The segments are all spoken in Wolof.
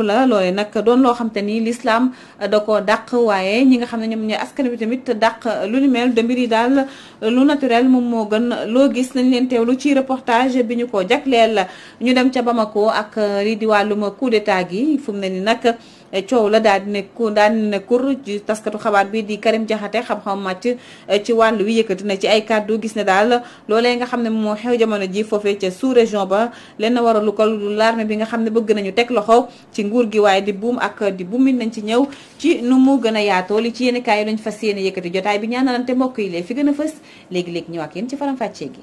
la loolee nag doon loo xam te ni l'islam euh, da ko dàq waaye ñi nga xam ne ñoom ñooy askan bi tamit dàq lu ni mel de mbir yi daal lu naturel moom moo gën loo gis nañ leen teewlu ci reportage bi ñu ko la ñu dem ca Bamako ak euh, lii di wàllum coup d'état gi fu mu ne ni nag E, coow la daal di ne ku daal di ne kur ci taskatu xabaar bi di Karim Diakhaté xam-xam màcc e, ci wàllu wi yëkkati na ci ay kàddu gis ne daal loolee nga xam ne moo xew jamono ji foofee ca sous région ba lenn waralu ko lu l'armée bi nga xam ne bëgg nañu teg loxo ci nguur gi waaye di buum ak di buumin nañ ci ñëw ci nu mu gën a yaatoo li ci yéen kaay yi lañ fas yéene yëkkati jotaay bi ñaanalante mbokk yi lee fi gën a fës léegi-léegi ñëw ak yéen ci faram-fàccee gi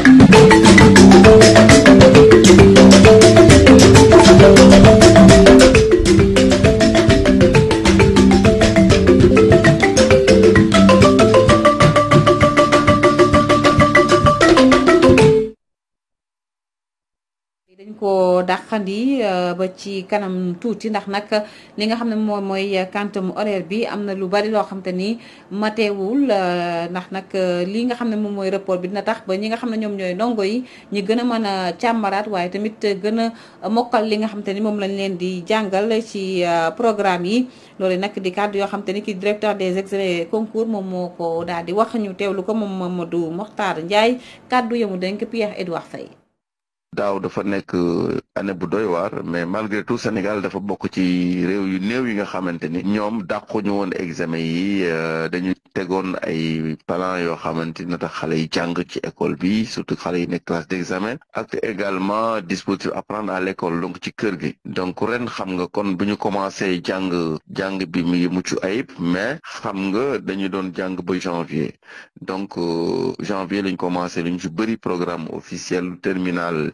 andi euh, ba ci kanam tuuti ndax nag li nga xam ne moom mooy quantum horaire bi am na lu bari loo xam te ni mateewul euh, ndax nag euh, li nga xam ne moom mooy report bi dina tax ba ñi nga xam ne ñoom ñooy ndongo yi ñi gën a mën a càmbaraat waaye tamit gën a mokkal li nga xam te ni moom lañ leen di jàngal ci programme yi loolu nag di kàddu yoo xam te ni kii directeur des examens concours moom moo ko daal di wax ñu teewlu ko moom ma Mamadou Mokhtar Ndiaye kàddu yamu dénk Pierre Edouard Faye daaw dafa nekk euh, année bu doy waar mais malgré Sénégal dafa bokk ci réew yu néew yi nga xamante ni ñoom dàquñu woon examen yi euh, dañu tegoon ay plan yoo xamante ni tax xale yi jàng ci école bi surtout xale yi nekk classe d'examen ak également dispositif apprendre à l'école donc ci kër gi donc ren xam nga kon bu ñu commencé jàng jàng bi mu ngi mucc ayib mais xam nga dañu doon jàng ba janvier donc euh, janvier lañ commencé ñu ci bëri programme officiel terminal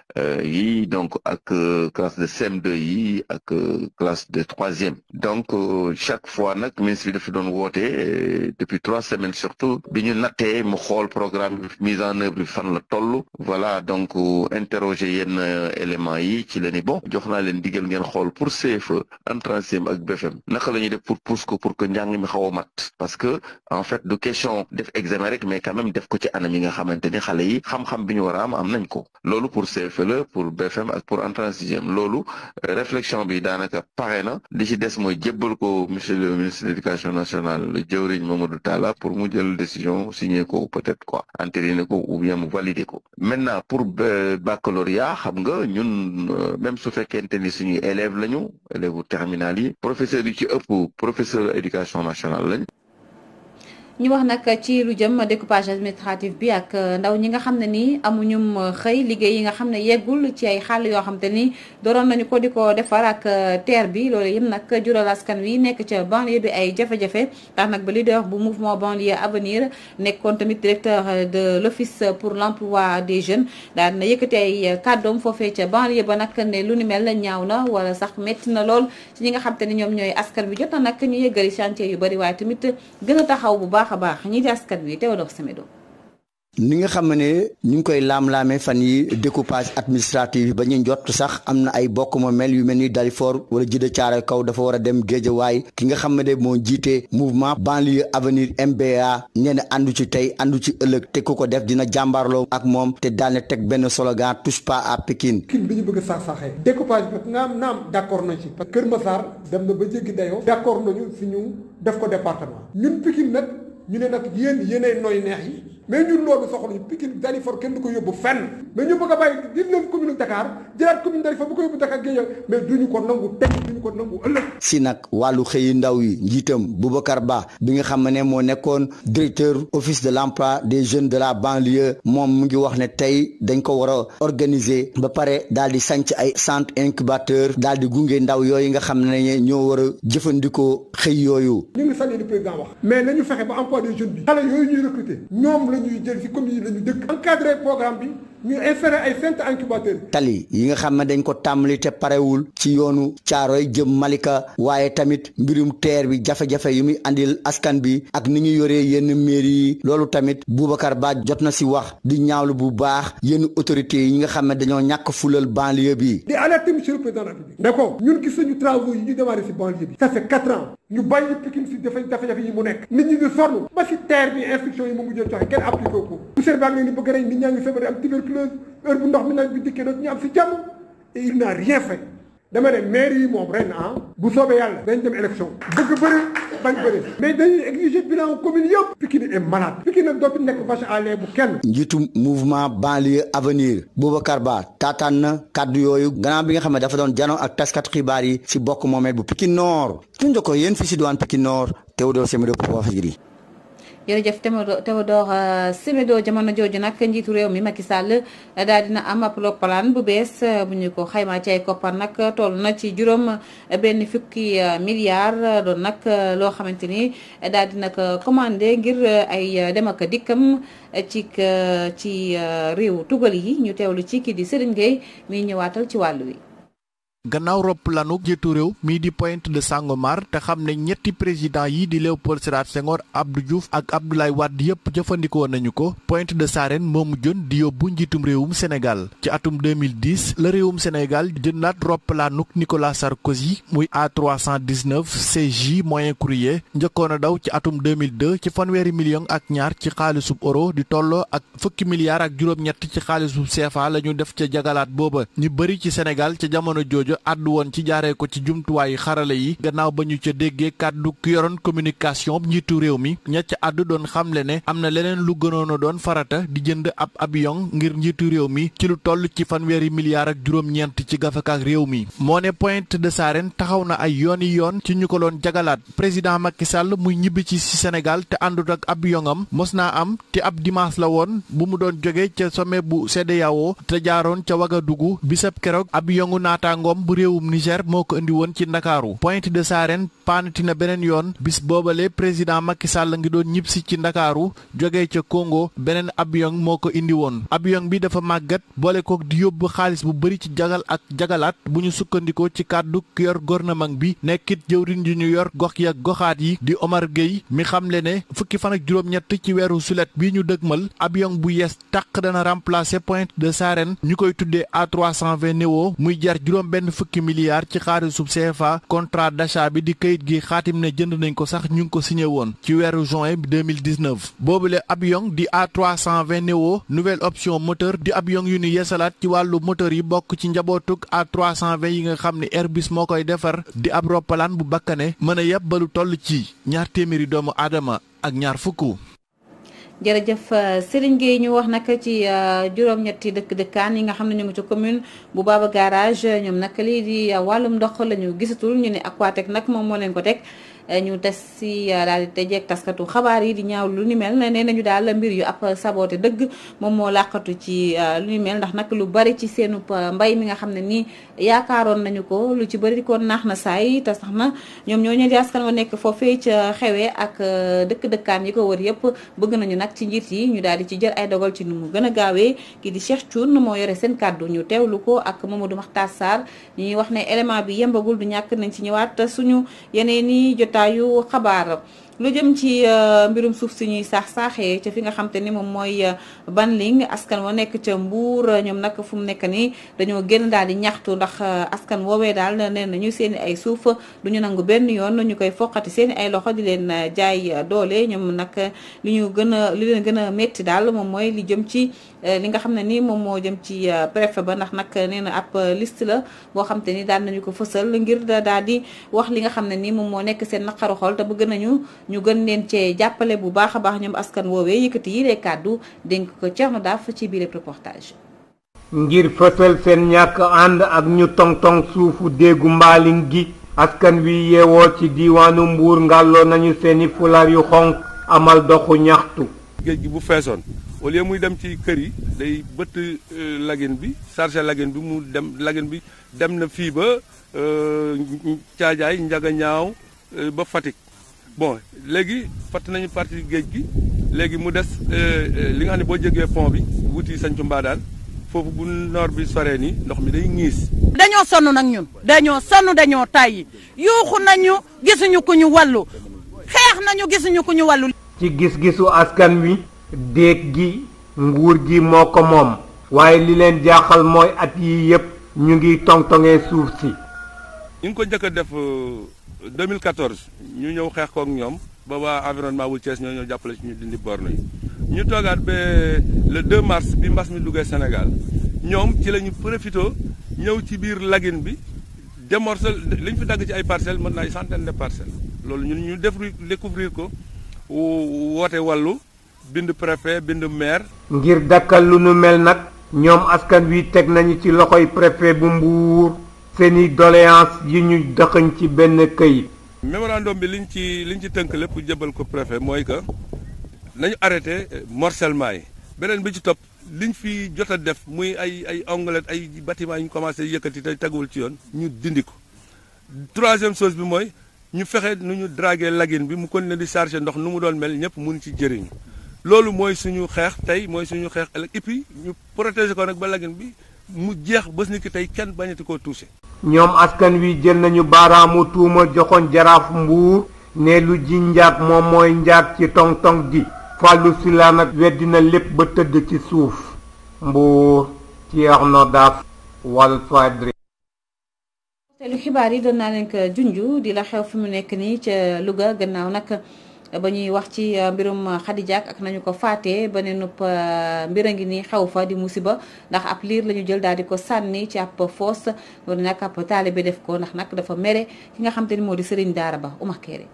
yi euh, donc ak euh, classe de CM2 yi ak euh, classe de troisième donc chaque fois nag ministre bi dafa doon woote depuis trois semaines surtout bi ñu nattee mu xool programme bi mise en œuvre bi fan la toll voilà donc interroger yenn éléments yi ci la ni bon jox naa leen digal ngeen xool pour CFE entrancième ak BFM naka la ñuy def pour pousse ko pour que njàng mi xaw a mat parce que en fait du question def examen rek mais quand def ko ci anam yi nga xamante ni xale yi xam-xam bi ñu war a am am nañ ko loolu pour BFM ak pour entrant sixième loolu euh, réflexion bi daanaka pare na li ci des mooy jébbal ko monsieur le ministre de l'éducation nationale jëwriñ Mamadou tala pour mu jël décision signer ko peut-être quoi entériner ko ou bien mu valider ko maintenant pour baccalauréat xam nga ñun euh, même su fekkente ni suñuy élève lañu élève terminal yi professeur yi ci ëpp professeur éducation national lañ ñu wax nag ci lu jëm découpage administratif bi ak euh, ndaw ñi nga xam ne nii amuñum euh, xëy liggéey yi nga xam ne yeggul ci ay xàll yoo xam te ni doroon nañu ko di ko defar ak euh, terre bi loolu yëpp nag jural askan wi nekk ca banlieue bi ay jafe-jafe tax nag ba leader bu mouvement banlieue avenir nekkoon tamit directeur de l'office pour l'emploi de jeunes daal na yëkkati ay kàddoom foofee ca banlieue ba nag ne lu ni mel ñaaw na wala sax métti na lool ci ñi nga xam te ni ñoom ñooy askan wi jot na nag ñu yëggali chantier yu bari waaye tamit gën a taxaw bu baax a baax ñi di askan wi Théodore Semedo ni nga xam ne ñu ngi koy laam-laamee fan yi découpage administratif ba ñu jot sax am na ay bokk ma mel yu mel ni Dalifort wala Jidda Caaroy Kaw dafa war a dem Géejawaay ki nga xam ne moo jiite mouvement banlieue avenir MBA nee na àndu ci tey àndu ci ëllëg te ku ko def dina jàmbaarloo ak moom te daal ne teg benn slogan touche pas à Pikine. Pikine bi ñu bëgg sax saxee découpage bi naam naam d' accord ci parce que Kër Massar dem na ba jéggi dayoo d' def ko département ñu ne nag yéen yeneen nooy neex yi mais ñun loolu soxla ñu Pikine Dalifort kenn du ko yóbbu fenn mais ñu bëgg bàyyi dix-neuf commune Dakar jëlaat commune Dalifort bu ko yóbbu Dakar Guédiawaye mais duñu ko nangu tey duñu ko nangu ëllëg si nag wàllu xëyu ndaw yi njiitam Boubacar Ba bi nga xam ne moo nekkoon directeur office de l'emploi des jeune de la banlieue moom mu ngi wax ne tey dañ ko war a organiser ba pare daal di sanc ay centre incubateur daal di gunge ndaw yooyu nga xam ne ñoo war a jëfandikoo xëy yooyu ñuy jël ci communes yi la ñu dëkk encadré programme bi ñu inféré tali yi nga xam ne dañ ko tàmbali te parewul ci yoonu caaroy jëm Malika waaye tamit mbirum teer bi jafe-jafe yu muy andil askan bi ak ni ñu yoree yenn mairie yi loolu tamit Boubacar Ba jot na si wax di ñaawlu bu baax yenn autorités yi nga xam ne dañoo ñàkk fulal banlieue bi di alerter monsieur ne ko ñun gis nañu travaux yi ñu démarré si banlieue bi ça fait quatre ans ñu bàyyi Pikine si dafa jafe-jafe yi mu nekk nit ñi di sonn ba si teer bi instruction yi mu mujjee joxe kenn appliqué ko pleuve bu ndox mi nag bi dikkee dootuñu am si jàmm et il n'a rien fait dama moom ren ah, bu soobee yàlla dañ dem élection bëgg bëri bañ bëri mais dañuy exiger bilan commune yëpp Pikine est malade Pikine dootu nekk vache à lait bu kenn njiitu mouvement banlieue avenir Boubacar Ba taataan na kàddu yooyu gannaaw bi nga xam ne dafa doon janoo ak taskat xibaar yi si bokk moomeel bu Pikine Nord suñ ko yéen fii si diwaan Pikine Nord Théodore Semedo pour Walfadjri jërëjëf Théodore euh, Semedo jamono jooju nag njiitu réew mi Macky Sall euh, daal dina am ab plan bu bees euh, bu ñu ko xaymaa ci ay koppar nag toll na ci juróom benn fukki milliard doon nag loo xamante ni daal dina ko commandé ngir ay dem ak dikkam ci ci réew tugal yi ñu teewlu ci kii di Serigne Gueye miy ñëwaatal ci wàll wi. gannaaw roppalaanu jiitu réew mii di Pointe de Sangomar te xam ne ñetti président yi di Léopold Sédar Senghor Abdou Diouf ak Abdoulaye Wade yépp jëfandikoo nañu ko Pointe de Sarène moomu jën di yóbbu njiitum réewum Sénégal ci atum 2010 la réewum Sénégal jëndaat roppalaanuk Nicolas Sarkozy muy A319 CJ moyen courrier njëkkoon a daw ci atum 2002 ci fanweeri million ak ñaar ci xaalisub euro di tolloo ak fukki milliards ak juróom-ñett ci xaalisub CFA la ñu def ca jagalaat booba ñu bëri ci Sénégal ca jamono jooju rajo àddu woon ci jaaree ko ci jumtuwaay xarala yi gannaaw ba ñu ca déggee kàddu ku yoroon communication njiitu réew mi ñett ca àddu doon xamle ne am na leneen lu gënoon a doon farata di jënd ab abiyon ngir njiitu réew mi ci lu toll ci fanweeri milliards ak juróom-ñeent ci gafakaak réew mi. moo ne Pointe de Sarène taxaw na ay yoon yooni yoon ci ñu ko doon jagalaat président Macky Sall muy ñibbi ci Sénégal te àndut ak avion am mos naa am te ab dimanche la woon bu mu doon jóge ca sommet bu CEDEAO te jaaroon ca Ouagadougou bisab keroog ab yongu naataangoom bu réewum Niger moo ko indi woon ci ndakaaru Pointe des Arènes paanati na beneen yoon bis boobalee président Macky Sall ngi doon ñibbisi ci ndakaaru joge ca Congo beneen abiyon moo ko indi woon abyon bi dafa màggat boole kook di yóbbu xaalis bu bëri ci jagal ak jagalaat bu ñu sukkandikoo ci kàddu ki yor gouvernement bi nekkit jëwrin ji ñu yor gox ya goxaat yi di Omar Gueye mi xamle ne fukki fan ak juróom-ñett ci weeru sulet bi ñu dëgmal abiyon bu yees tàq dana remplacer Pointe des Arènes ñu koy tuddee A320 Neo muy jar juróom fukki milliards ci xaalisub CFA contrat d'achat bi di kayit gi xaatim ne jënd nañ ko sax ñu ngi ko signé woon ci weeru juin 2019 boobule avion di A320 neo nouvelle option moteur di avion yu ñu yeesalaat ci wàllu moteur yi bokk ci njabootug A320 yi nga xam ne Airbus moo koy defar di ab roppalaan bu bakkane mën a yeb balu toll ci ñaar téeméeri doomu aadama ak ñaar fukk jërëjëf euh, Serigne Gueye ñu wax nag ci euh, juróom-ñetti dëkk dëkkaan yi nga xam ne ñu ngi ci commune bu baaba Garage ñoom nag lii di euh, wàllum ndox la ñu gisatul ñu ne Aquatec nag moom moo leen ko teg Eh, ñu des si euh, daal di tëjee ak taskatu xabaar yi di ñaaw lu ni mel nee nañu daal mbir yu ab saboté dëgg moom moo làqatu ci euh, lu ni mel ndax nag lu bari ci seenu euh, mbay mi nga xam ne nii yaakaaroon nañu ko lu ci bari kon naax na saay te sax na ñoom ñoo ñëw di askan wa nekk foofee ca xewee ak dëkk-dëkkaan yi ko wër yëpp bëgg nañu nag ci njiit yi ñu daal di ci jël ay dogal ci nu mu gën a gaawee kii di Cheikh Thioune moo yore seen kàddu ñu teewlu ko ak Mamadou Makhtar Sarr ñuy wax ne élément bi yembagul du ñàkk nañ ci ñëwaat suñu yeneen i jot jotaay yu xabaar lu jëm ci euh, mbirum suuf si ñuy saax saaxee ca fi nga xam ni moom mooy euh, Banling askan wa nekk ca Mbour euh, ñoom nag fu mu nekk nii dañoo génn daal di ñaxtu ndax askan woowee daal nee nañu seen i ay suuf du ñu nangu benn yoon ñu koy foqati seen ay loxo di leen jaay doole ñoom nag li ñu gën a li leen gën a métti daal moom mooy li jëm ci li nga xam ne ni moom moo jëm ci préfet ba ndax nag nee na ab liste la boo xam ni daal nañu ko fësal ngir daal di wax li nga xam ne ni moom moo nekk seen naqaru xol te bëgg nañu ñu gën leen cee jàppale bu baax a baax ñoom askan woowee yëkkati yi lee kàddu dénk ko Thierno Daaf ci biir reportage. ngir fësal seen ñàkk ànd ak ñu tong-tong suufu déggu mbaalin gi askan wi yeewoo ci diiwaanu mbuur ngàlloo nañu seeni fulaar yu xonq amal doxu ñaxtu géej gi bu feesoon au muy dem ci kër yi day bëtt euh, lagin bi chargé lagin bi mu dem lagin bi dem na fii ba caajaay njaga ñaaw ba Fatick bon léegi fatt nañu partie géej gi léegi mu des euh, euh, li nga xam ne boo jógee pont bi wuti sañcu daal foofu bu noor bi soree nii ndox mi day ñiis dañoo sonn nag ñun dañoo sonn dañoo tàyyi yuuxu nañu gisuñu ku ñu wàllu xeex nañu gisuñu ku ñu wàllu ci gis-gisu askan wi déeg gi nguur gi moo ko moom waaye li leen jaaxal mooy at yi yëpp ñu ngi tongtongee suuf si ñu ngi ko njëkk a def euh, deux 2014 ñu ñëw xeex ak ñoom ba waa environnement wu Thiès ñoo ñëw jàppale ci ñu dindi borne yi ñu toogaat ba le 2 mars bi mbas mi duggee Sénégal ñoom ci lañu ñu profité ñëw ci biir lagine bi démorcel li ñu fi dagg ci ay parcelles mën na ay centaine de parcelles loolu ñun ñu def découvrir ko woote wàllu bind préfet bind maire. ngir dakkal lu nu mel nag ñoom askan wi teg nañu ci loxoy préfet bu Mbour. seeni doléance yi ñu dëxëñ ci benn këyit. mémorandum bi liñ ci liñ ci tënk lépp jëbal ko préfet mooy que nañu arrêté morcellement yi beneen bi ci topp liñ fi jot a def muy ay ay onglet ay bâtiment yu ñu commencé yëkkati te teguwul ci yoon ñu dindi ko troisième chose bi mooy ñu fexe nu ñu draguer lagine bi mu continuer di charger ndox nu mu doon mel ñëpp mun ci jëriñ loolu mooy suñu xeex tey mooy suñu xeex ëllëg ñu protéger ko nag ba lagine bi mu jeex bés ni tey kenn bañati ko touché. ñoom askan wi jël nañu baaraamu tuuma joxoon jaraaf mbuur ne lu ji njaat moom mooy njaat ci tong-tong gi Fallou Sylla nag weddi na lépp ba tëdd ci suuf mbuur Thierno Daff Walfadjri teelu xibaar yi doon naa leen ko junj di la xew fi mu nekk nii ca Louga gannaaw nag ba ñuy wax ci euh, mbirum Khady ak nañu ko faatee ba ne nupp euh, mbir a ngi nii xew fa di musiba ndax ab liir la ñu jël daal di ko sànni ci ab foos loolu nag ab taalibe def ko ndax nag dafa mere ki nga xam te ni moo di sëriñ daara ba Oumar Kéré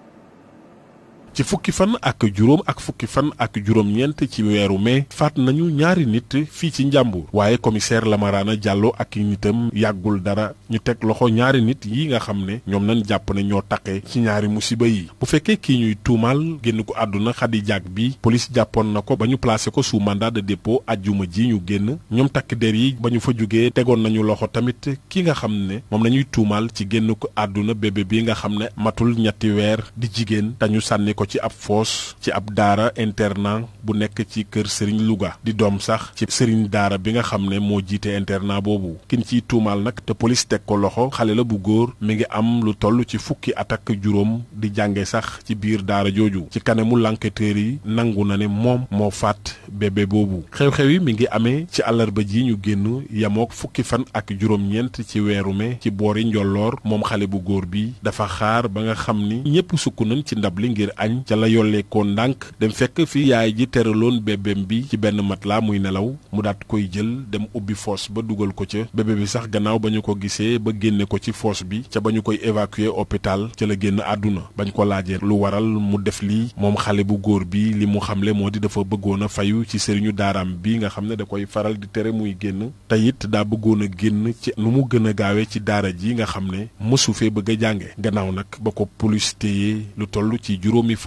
ci fukki fan ak juróom ak fukki fan ak juróom-ñeent ci weeru mai faat nañu ñaari nit fii ci Njàmbur waaye commissaire Lamarana jàlloo ak i nitam yàggul dara ñu teg loxo ñaari nit yi nga xam ne ñoom nañ jàpp ne ñoo taqe ci ñaari musiba yi bu fekkee kii ñuy tuumaal génn ko àdduna Khady Diack bi police jàppoon na ko ba ñu placé ko sous mandat de dépôt ajjuma ji ñu génn ñoom takk der yi ba ñu fa jógee tegoon nañu loxo tamit ki nga xam ne moom nañuy tuumaal ci génn ko àdduna bébé bi nga xam ne matul ñetti weer di jigéen te ñu ko ci ab foos ci ab daara internat bu nekk ci kër Serigne Louga di doom sax ci Serigne daara bi nga xam ne moo jiite internat boobu kin ciy tuumaal nag te polis teg ko loxo xale la bu góor mi ngi am lu toll ci fukki at juróom di jànge sax ci biir daara jooju ci kanamu enquêteurs yi nangu na ne moom moo faat bébé boobu xew-xew yi mi ngi amee ci àllarba ji ñu génn yamook fukki fan ak juróom-ñeent ci weeru me ci boori njolloor moom xale bu góor bi dafa xaar ba nga xam ni ñépp sukk nañ ci ndab li ngir añ nañ ca la yolleekoo ndànk dem fekk fi yaay ji teraloon bébém bi ci benn mat matelas muy nelaw mu daat koy jël dem ubbi foos ba dugal ko ca bébé bi sax gannaaw ba ñu ko gisee ba génne ko ci foos bi ca ba ñu koy évacuer hôpital ca la génn àdduna bañ ko laajee lu waral mu def lii moom xale bu góor bi li mu xamle moo di dafa bëggoon a fayu ci sëriñu daaraam bi nga xam ne da koy faral di tere muy génn te it daa bëggoon a génn ci nu mu gën a gaawee ci daara ji nga xam ne mësu fee bëgg a jànge gannaaw nag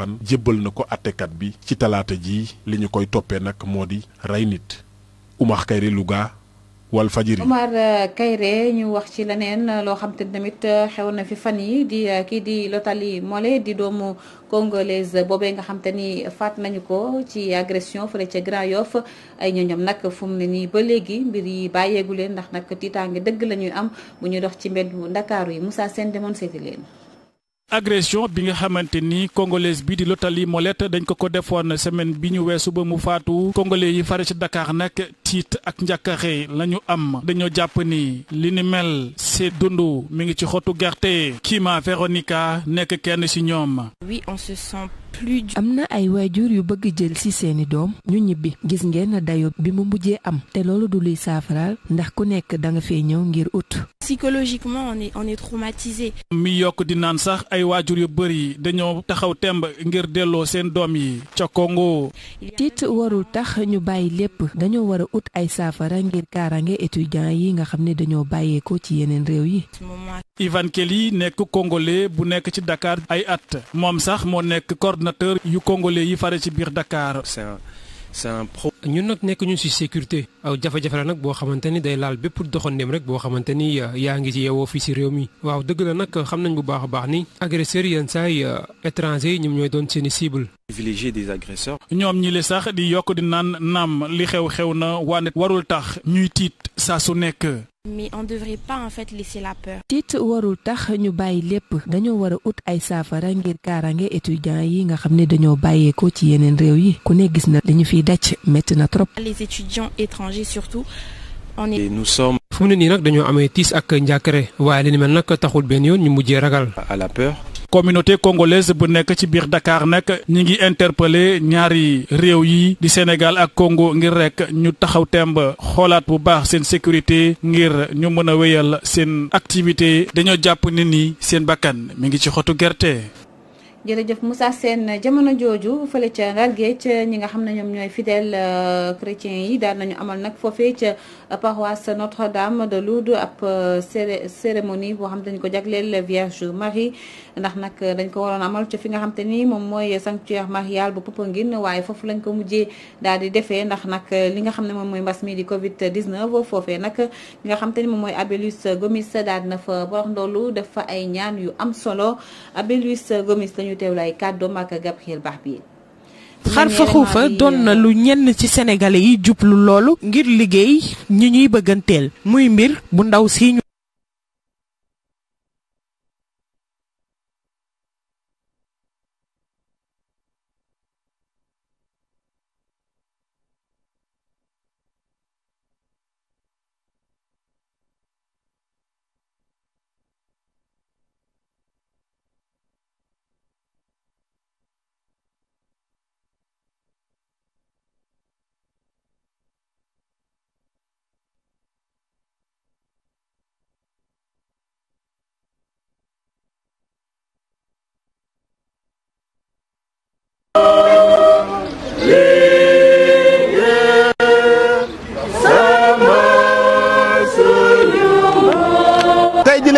fan jébbal na ko àttekat bi ci talaata ji li ñu koy toppee nag moo di rey nit Oumar Kayre Louga Walfadjri Omar euh, Kayre ñu wax ci leneen euh, loo xam te tamit euh, xew na fi fan yi di kii di Lotali Mole di doomu congolaise boobee nga xam te ni faat nañu ko ci agression fële ca Grand Yoff ay ñoñom nag fu mu ne nii ba léegi mbir yi bàyyeegu leen ndax nag tiitaange dëgg la ñuy am bu ñu dox ci mbedd Ndakaaru yi Moussa seen demoon seeti leen agression bi nga xamante ni congolaise bi di Lotali Molette dañ ko ko defoon semaine bi ñu weesu ba mu faatu congolais yi fare ci Dakar nag tiit ak njàkkaxe la am dañoo jàpp ni li ni mel see dund mi ngi ci xotu gerte Kima Veronica nekk kenn ci ñoom. ma on se sent am na ay waajur yu bëgg jël ci seeni doom ñu ñibbi gis ngeen dayo bi mu mujjee am te loolu du luy saafaraal ndax ku nekk da nga fee ñëw ngir ut. psychologiquement on est on est traumatisé. mi yokk di naan sax ay waajur yu bëri dañoo taxaw temb ngir delloo seen doom yi ca Congo. tiit warul tax ñu bàyyi lépp dañoo war a ut ay saafara ngir kaarange étudiants yi nga xam ni dañoo bàyyeekoo ci yeneen réew yi. Ivan Kelly nekk congolais bu nekk ci Dakar ay at moom sax moo nekk coordinateur yu congolais yi fare ci biir Dakar. ñu nag nekkuñu ñu ci sécurité aw jafe-jafe la nag boo xamante ni day laal bépp doxandéem rek boo xamante ni euh, yaa ngi ci yeewoo fii ci réew mi waaw dëgg la nag xam nañ bu baax a baax ni agresseurs yenn saay euh, étranger yi ñoom ñooy doon seeni cible privilégié des agresseurs. ñoom ñi li sax di yokk di naan naam li xew xew na waane tax ñuy tiit saa su nekk. mais on devrait pas en fait laisser la peur. tiit warul tax ñu bàyyi lépp dañoo war a ut ay saafara ngir kaarange étudiants yi nga xam ne dañoo bàyyeekoo ci yeneen réew yi ku ne gis na dañu ñu fiy daj métti na trop. les étudiants étrangers surtout on est. nous sommes. fu mu ne nii nag dañoo amee tiis ak njàkkare waaye li ni mel nag taxul benn yoon ñu mujjee ragal. à communauté congolaise bu nekk ci biir dakaar nag ñi ngi interpellé ñaari réew yi di Sénégal ak Congo ngir rek ñu taxaw temb xoolaat bu baax seen sécurité ngir ñu mën a wéyal seen activité dañoo jàpp ne nii seen bakkan mi ngi ci xotu gerte. jërëjëf Moussa seen jamono jooju fële ca Ndar Géej ñi nga xam ne ñoom ñooy fidèles euh, chrétiens yi daan nañu amal nag foofee ca euh, paroisse Notre-Dame de Lourdes ab euh, cérémonie boo xam ne dañ ko jagleel Vierge Marie ndax nag dañ ko waroon amal ca fi nga xam te nii moom mooy sanctuaire marial bu Popenguine waaye foofu lañ ko mujjee daal di defee ndax nag li nga xam ne moom mooy mbas mii di Covid 19 foofee nag li nga xam te ni moom mooy Abelus Gomis daal na fa borox ndoolu def fa ay ñaan yu am solo Abelus ñu teewlu ay kàddoom ak Gabriel xuufa doon na euh, lu ñenn ci sénégalais yi jublu loolu ngir liggéey ñi ñuy bëgganteel muy mbir bu ndaw si ñu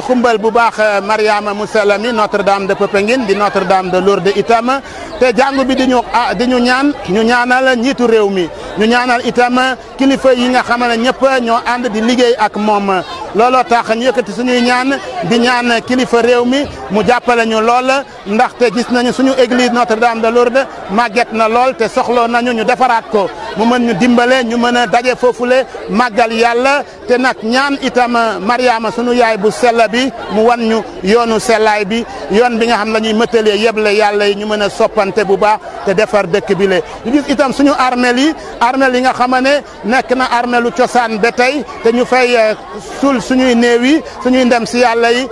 ngi xumbal bu baax euh, Mariama Moussalami Notre Dame de Popenguine di Notre Dame de Lourdes itam te jàngu bi ah, di ñu ñaan ñu ñaanal njiitu réew mi ñu ñaanal itam kilifa yi nga xam ne ñëpp ñoo ànd di liggéey ak moom looloo tax ñu yëkkati suñu ñaan di ñaan kilifa réew mi mu jàppale ñu lool ndaxte gis nañu suñu église Notre-Dame de Lourdes màgget na lool te soxloo nañu ñu defaraat ko mu mën ñu dimbale ñu mën a daje foofule màggal yàlla te nag ñaan itam Mariama bi mu wan ñu yoonu selaay bi yoon bi nga xam la ñuy mëtalee yeble yàlla yi ñu mën a soppante bu baax te defar dëkk bi le ñu gis itam suñu armel yi armel yi nga xam ne nekk na armelu cosaan ba tey te ñu fay eh, suul suñuy néew yi suñuy ndem si yàlla yi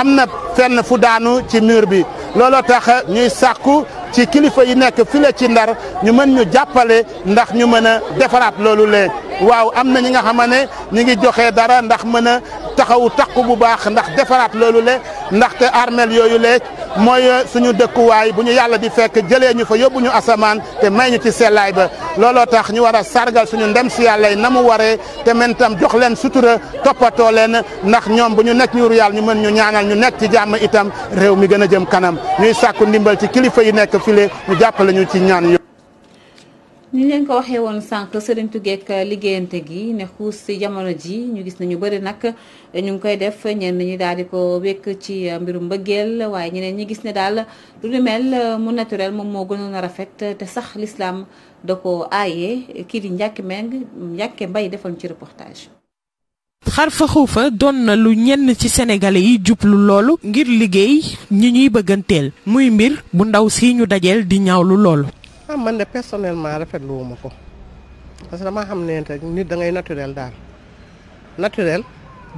am na fenn fu daanu ci mur bi looloo tax ñuy sàkku ci kilifa yi nekk file ci ndar ñu mën ñu jàppale ndax ñu mën a defaraat loolu lee waaw am na ñi nga xam ne ñi ngi joxe dara ndax mën a taxawu takku bu baax ndax defaraat loolu le ndaxte armel yooyu le mooy suñu dëkkuwaay bu ñu yàlla di fekk jëlee fa yóbbu ñu asamaan te may ñu ci sellaay ba looloo tax ñu war a sargal suñu ndem si yàlla na mu waree te men tam jox leen sutura toppatoo leen ndax ñoom bu ñu nekk ñu yàlla ñu mën ñu ñaanal ñu nekk ci jàmm itam réew mi gën a jëm kanam ñuy sàkku ndimbal ci kilifa yi nekk file ñu jàppale ñu ci ñaan ñu leen ko waxee woon sànq sëriñ Tugeek liggéeyante gi ne xuus si jamono ji ñu gis nañu bari nag ñu ngi koy def ñenn ñi daal di ko wekk ci mbirum mbëggeel waaye ñeneen ñi gis ne daal du lu mel mu naturel moom moo gënoon a rafet te sax lislaam da ko aaye kii di njàkki meng njàkke mbay defal ñu ci reportage. xarfa xuufa doon na lu ñenn ci sénégalais yi jublu loolu ngir liggéey ñi ñuy bëgganteel muy mbir bu ndaw si ñu dajeel di ñaw lu loolu. ah man de personnellement rafetluwu ma ko parce que damaa xam ne nit da ngay naturel daal naturel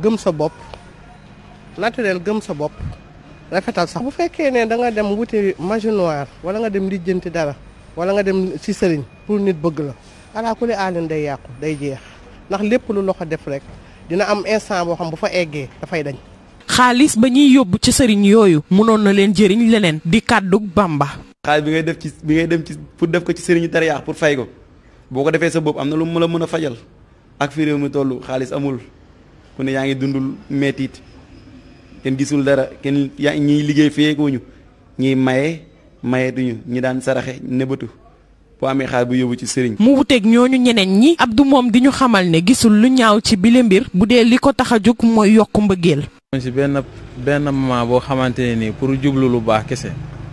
gëm sa bopp naturel gëm sa bopp rafetal sax. bu fekkee ne da nga dem wuti maginoir noire wala nga dem lijjanti dara wala nga dem ci sëriñ pour nit bëgg la alaa kulli aalin day yàqu day jeex ndax lépp lu loxo def rek dina am instant boo xam bu fa eggee dafay dañ. xaalis ba ñuy yóbbu ci sëriñ yooyu mënoon na leen jëriñ leneen di kàddu bàmba xaalis bi ngay def ci bi ngay dem ci pour def ko ci sëriñu tariyaax pour fay ko boo ko defee sa bopp am na lu mu la mën a fajal ak fi réew mi toll xaalis amul ku ne yaa ngi dundul mettit kenn gisul dara kenn yaa ñiy liggéey ñu ñiy maye mayeetuñu ñi daan saraxe nebatu boo amee xaar bu yóbbu ci sëriñ. mu wuteeg ñooñu ñeneen ñi. Abdou moom di ñu xamal ne gisul lu ñaaw ci bile mbir. bu dee li ko tax a jóg mooy yokk mbëggeel. ci benn benn moment boo xamante ne nii pour jublu lu baax kese.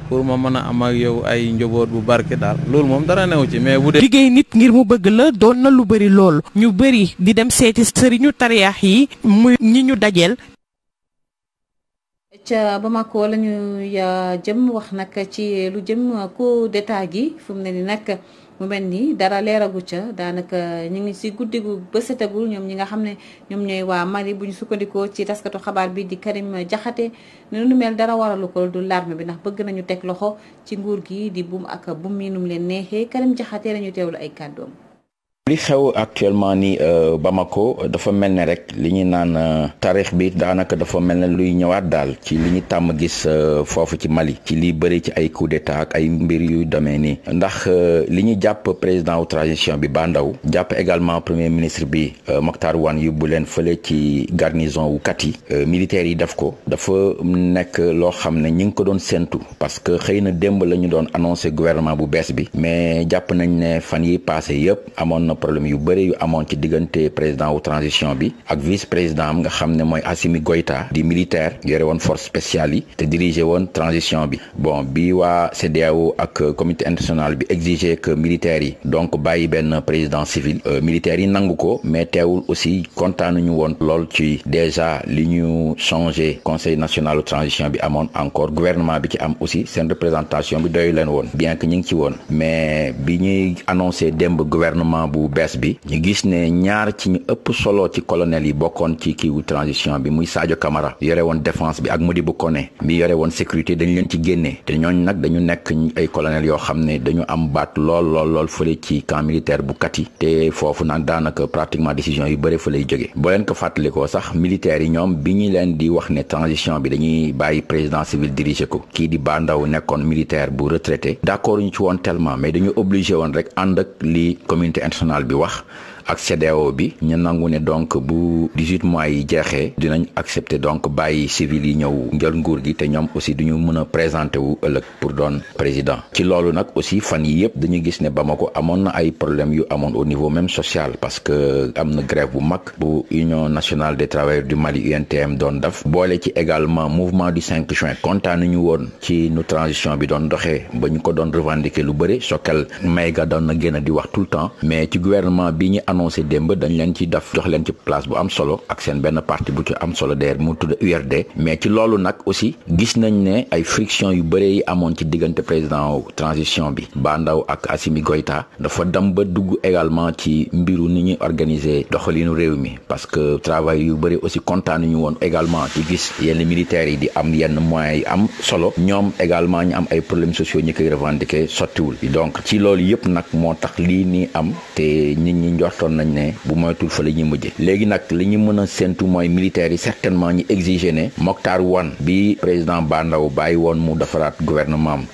pour ma mën a am ak yow ay njoboot bu barke daal loolu moom dara new ci mais bu dee. liggéey nit ngir mu bëgg la doon na lu bari lool ñu bëri di dem seeti sëriñu tariyaax yi muy ñi ñu dajeel. ca Bamako la ñu euh, jëm wax nag ci lu jëm euh, coup d'état gi fu mu ne ni nag. mu mel ni dara leeragu ca daanaka ñu ngi ci guddi gu bësetagul ñoom ñi nga xam ne ñoom ñooy waa mari bu ñu sukkandikoo ci taskatu xabaar bi di Karim Jaxate ne nu mel dara waralu ko du larme bi ndax bëgg nañu teg loxo ci nguur gi di buum ak buum miinum leen neexee Karim Jaxate lañu teewlu ay kàddoom li xew actuellement ni euh, Bamako dafa mel ne rek li ñu naan euh, tarix bi daanaka dafa mel ne luy ñëwaat daal ci li ñu tàmm gis euh, foofu ci Mali ci liy bëri ci ay coup ak ay mbir yu demee nii ndax li ñu jàpp président wu bi Ba jàpp également premier ministre bi Mokhtar Wane yóbbu leen fële ci garnison wu Kati militaires yi def ko dafa nekk loo xam ne ñu ngi ko doon séntu parce que xëy na démb lañu doon annoncé gouvernement bu bees bi mais jàpp nañ ne fan yi passé yëpp amoon na problème yu bëri yu amoon ci diggante président wu transition bi ak vice président nga xam ne mooy Assimi Goïta di militaire yore woon force spéciale yi te diriger woon transition bi bon bi waa CEDEAO ak comité international bi exiger que militaires yi donc bàyyi benn président civil euh, militaires yi nangu ko mais teewul aussi ñu woon lool ci déjà li ñu changé conseil national de transition bi amoon encore gouvernement bi ci am aussi seen représentation bi doyu leen woon bien que ñu ngi ci woon mais bu bees bi ñu gis ne ñaar ci ñu ëpp solo ci colonel yi bokkoon ci kiiwu transition bi muy Sadio Camara yore woon défense bi ak Modibo Koné mi yore woon sécurité dañ leen ci génnee te ñooñ nag dañu nekk ay colonel yoo xam ne dañu am baat lool lool lool fële ci camp militaire bu Kati te foofu nag daanaka pratiquement décision yi bëre fa lay jóge boo leen ko fàttalikoo sax militaires yi ñoom bi ñu leen di wax ne transition bi dañuy bàyyi président civil dirigé ko kii di Bandaw nekkoon militaire bu retraité d'accord ñu ci woon tellement mais dañu obligé woon rek ànd ak li communauté internationale journal bi wax ak CEDEAO bi ñu nangu ne donc bu 18 mois yi jeexee dinañ accepter donc bàyyi civil yi ñëw njël nguur gi te ñoom aussi duñu mën a présenter wu ëllëg pour doon président ci loolu nag aussi fan yi yëpp dañu gis ne ba ma ko amoon na ay problèmes yu amoon au niveau même social parce que am na grève bu mag bu Union nationale des travailleurs du Mali UNTM doon def boole ci également mouvement du cinq juin kontaan ñu woon ci nu transition bi doon doxee ba ñu ko doon revendiquer lu bëri Sokel Maïga doon na génn di wax tout le temps annoncé démb dañ leen ci def jox leen ci place bu am solo ak seen benn parti bu ci am solo der mu tudd URD mais ci loolu nag aussi gis nañ ne ay friction yu bëree amoon ci diggante président transition bi Ba ak Assimi Goïta dafa dem ba dugg également ci mbiru ni ñu organiser doxalinu réew mi parce que travail yu bëri aussi kontaan ñu woon également ci gis yenn militaires yi di am yenn moyens yi am solo ñoom également ñu am ay problèmes sociaux ñi koy revendiquer sottiwul donc ci loolu yëpp nag moo tax lii nii am te nit ñi njortoon nañ ne bu moytul fa la ñuy mujje léegi nag li ñu mën a séntu mooy militaires yi certainement ñu exiger ne Mokhtar Wane bi président Bandaw bàyyi woon mu defaraat gouvernement am